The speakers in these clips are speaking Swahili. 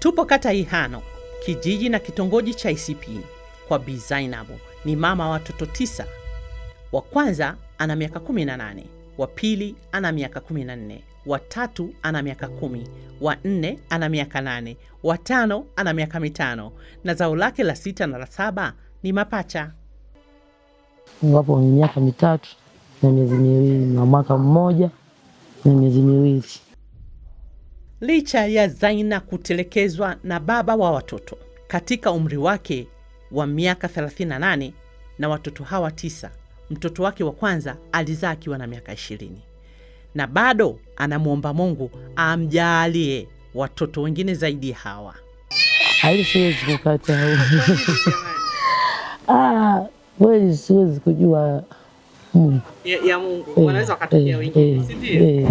Tupo kata Ihano, kijiji na kitongoji cha Isipini kwa Bi Ni mama wa watoto tisa. Wa kwanza ana miaka 18, wa pili ana miaka 14, wa tatu ana miaka kumi, wa nne ana miaka nane, wa tano ana miaka mitano na zao lake la sita na la saba ni mapacha. Wapo miaka mitatu na miezi miwili na mwaka mmoja na miezi miwili. Licha ya Zaina kutelekezwa na baba wa watoto katika umri wake wa miaka 38 na watoto hawa tisa, mtoto wake wa kwanza alizaa akiwa na miaka 20 na bado anamwomba Mungu amjaalie watoto wengine zaidi hawa. Hali siwezi kupata ah, kweli siwezi kujua Mungu ya, ya Mungu wanaweza wakatokea eh, wengine,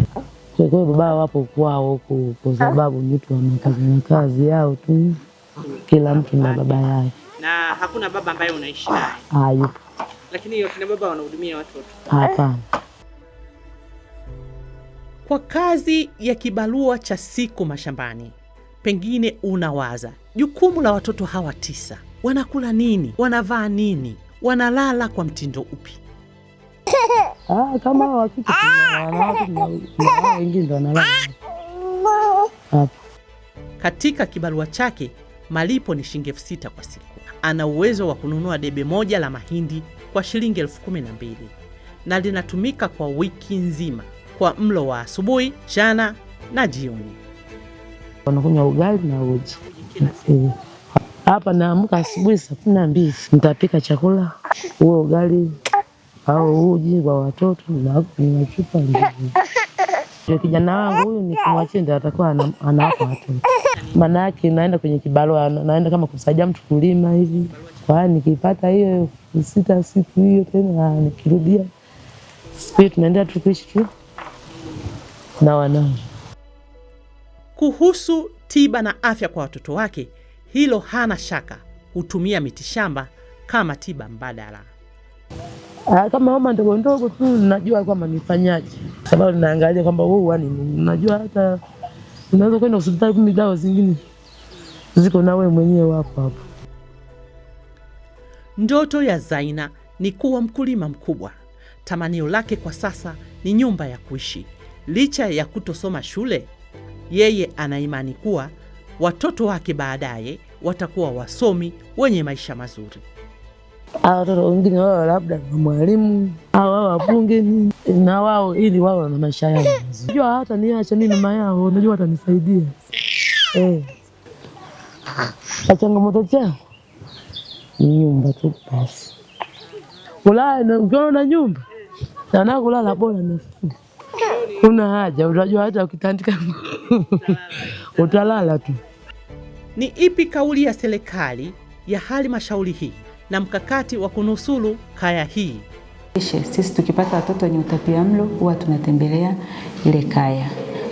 kwa hiyo baba wapo kwao huku, kwa sababu ah. mtu wa makazi, na kazi yao tu, kila mtu na baba yake. Na hakuna baba ambaye unaishi naye? Hayupo. Lakini kina baba wanahudumia watoto? Hapana. Kwa kazi ya kibarua cha siku mashambani, pengine unawaza jukumu la watoto hawa tisa, wanakula nini? Wanavaa nini? Wanalala kwa mtindo upi? Ah, kama ah! ah! wakike wengi ndo wanalala ah! Katika kibarua chake malipo ni shilingi elfu sita kwa siku. Ana uwezo wa kununua debe moja la mahindi kwa shilingi elfu kumi na mbili na linatumika kwa wiki nzima kwa mlo wa asubuhi, jana na jioni. Wanakunywa ugali na uji hapa. Naamka asubuhi saa kumi na mbili nitapika chakula huo ugali au uji kwa watoto ninachupa ndio. Kijana wangu huyu nikimwachia ndio atakuwa anawapa watoto, maana yake naenda kwenye kibarua, naenda kama kumsaidia mtu kulima hivi. Kwa hiyo nikipata hiyo sita siku hiyo tena ah, nikirudia siku hiyo, tunaendelea tu kuishi tu na wanao. Kuhusu tiba na afya kwa watoto wake, hilo hana shaka, hutumia mitishamba kama tiba mbadala. Ah, kama homa ndogo ndogo tu najua kwamba nifanyaje, sababu ninaangalia kwamba wewe nini, najua hata unaweza kwenda hospitali, kumi dawa zingine ziko nawe mwenyewe hapo hapo. Ndoto ya Zaina ni kuwa mkulima mkubwa. Tamanio lake kwa sasa ni nyumba ya kuishi. Licha ya kutosoma shule, yeye anaimani kuwa watoto wake baadaye watakuwa wasomi wenye maisha mazuri. Hawa watoto wengine wao labda na mwalimu au wao wapunge na wao, ili wao na maisha yao. Unajua acha nini mama yao, unajua watanisaidia eh. Changamoto chao nyumba tu basi, na ukiona na nyumba nana kulala bora nafuu, kuna haja utajua, hata ukitandika utalala tu. Ni ipi kauli ya serikali ya halmashauri hii? na mkakati wa kunusuru kaya hii. Sisi tukipata watoto wenye utapia mlo huwa tunatembelea ile kaya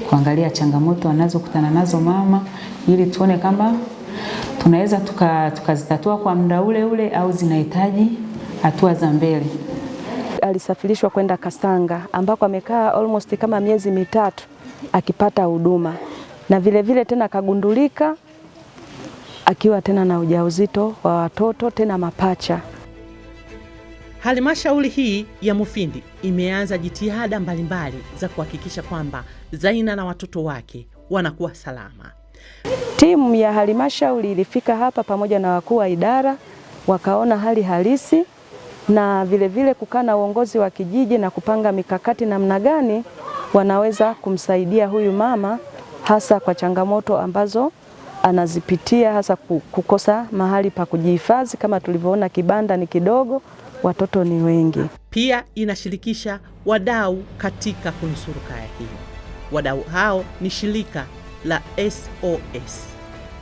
kuangalia changamoto anazokutana nazo mama, ili tuone kama tunaweza tukazitatua tuka kwa muda ule ule au zinahitaji hatua za mbele. Alisafirishwa kwenda Kasanga ambako amekaa almost kama miezi mitatu akipata huduma na vilevile vile tena akagundulika akiwa tena na ujauzito wa watoto tena mapacha. Halmashauri hii ya Mufindi imeanza jitihada mbalimbali za kuhakikisha kwamba Zaina na watoto wake wanakuwa salama. Timu ya halmashauri ilifika hapa pamoja na wakuu wa idara wakaona hali halisi na vilevile kukaa na uongozi wa kijiji na kupanga mikakati namna gani wanaweza kumsaidia huyu mama hasa kwa changamoto ambazo anazipitia hasa kukosa mahali pa kujihifadhi. Kama tulivyoona kibanda ni kidogo, watoto ni wengi. Pia inashirikisha wadau katika kunusuru kaya hiyo. Wadau hao ni shirika la SOS.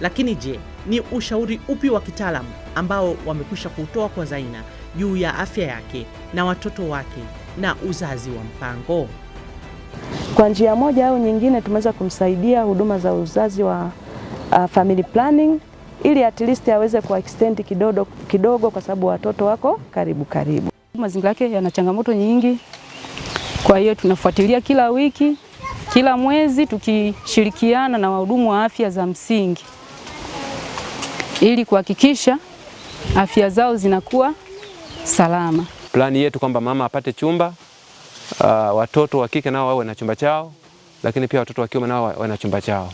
Lakini je, ni ushauri upi wa kitaalamu ambao wamekwisha kutoa kwa Zaina juu ya afya yake na watoto wake na uzazi wa mpango? Kwa njia moja au nyingine tumeweza kumsaidia huduma za uzazi wa uh, family planning ili at least aweze extend kidogo, kidogo kwa sababu watoto wako karibu karibu. Mazingira yake yana changamoto nyingi, kwa hiyo tunafuatilia kila wiki, kila mwezi tukishirikiana na wahudumu wa afya za msingi ili kuhakikisha afya zao zinakuwa salama. Plani yetu kwamba mama apate chumba uh, watoto wa kike nao wawe na chumba chao, lakini pia watoto wa kiume nao wana chumba chao.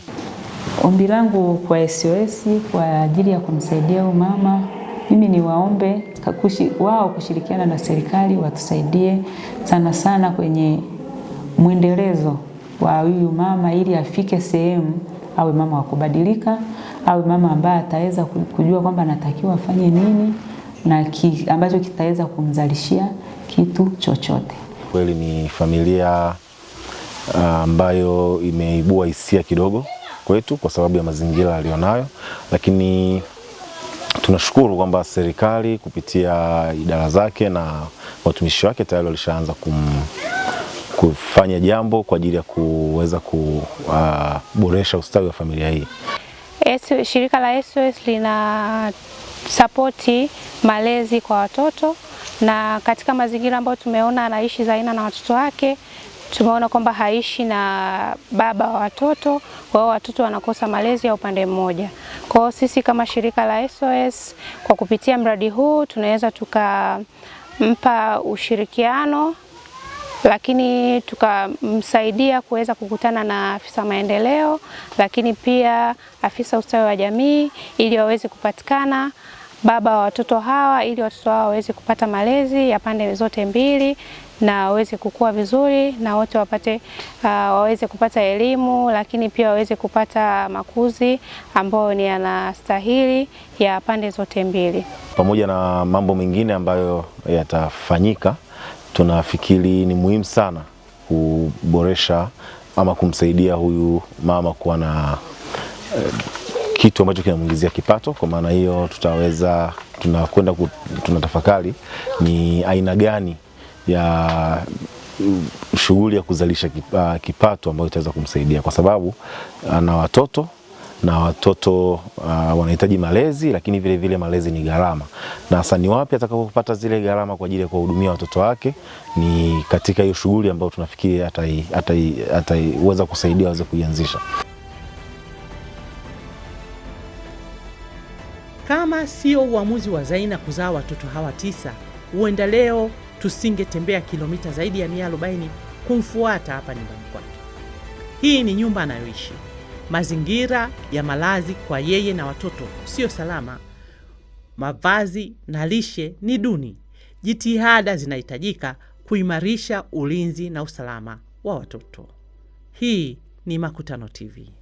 Ombi langu kwa SOS kwa ajili ya kumsaidia huyu mama, mimi ni kakushi, wao kushirikiana na serikali watusaidie sana sana kwenye mwendelezo wa huyu mama, ili afike sehemu awe mama wa kubadilika, awe mama ambaye ataweza kujua kwamba anatakiwa afanye nini na ki, ambacho kitaweza kumzalishia kitu chochote. Kweli ni familia ah, ambayo imeibua hisia kidogo kwetu kwa sababu ya mazingira aliyonayo, lakini tunashukuru kwamba serikali kupitia idara zake na watumishi wake tayari walishaanza kum kufanya jambo kwa ajili ya kuweza kuboresha uh, ustawi wa familia hii. Esu, shirika la SOS lina sapoti malezi kwa watoto na katika mazingira ambayo tumeona anaishi Zaina na watoto wake tumeona kwamba haishi na baba wa watoto, kwa hiyo watoto wanakosa malezi ya upande mmoja. Kwa hiyo sisi kama shirika la SOS kwa kupitia mradi huu tunaweza tukampa ushirikiano lakini tukamsaidia kuweza kukutana na afisa maendeleo, lakini pia afisa ustawi wa jamii, ili waweze kupatikana baba wa watoto hawa, ili watoto hawa waweze kupata malezi ya pande zote mbili, na waweze kukua vizuri na wote wapate uh, waweze kupata elimu, lakini pia waweze kupata makuzi ambayo ni yanastahili ya pande zote mbili, pamoja na mambo mengine ambayo yatafanyika. Tunafikiri ni muhimu sana kuboresha ama kumsaidia huyu mama kuwa na eh, kitu ambacho kinamwingizia kipato. Kwa maana hiyo tutaweza tunakwenda tunatafakari ni aina gani ya mm, shughuli ya kuzalisha kipato ambayo itaweza kumsaidia, kwa sababu ana watoto na watoto uh, wanahitaji malezi, lakini vile vile malezi ni gharama, na hasa ni wapi atakapopata zile gharama kwa ajili ya kuwahudumia watoto wake? Ni katika hiyo shughuli ambayo tunafikiri ataiweza kusaidia waweze kuianzisha. Kama sio uamuzi wa Zaina kuzaa watoto hawa tisa, huenda leo tusingetembea kilomita zaidi ya mia arobaini kumfuata hapa nyumbani kwake. Hii ni nyumba anayoishi. Mazingira ya malazi kwa yeye na watoto siyo salama, mavazi na lishe ni duni. Jitihada zinahitajika kuimarisha ulinzi na usalama wa watoto. Hii ni Makutano TV.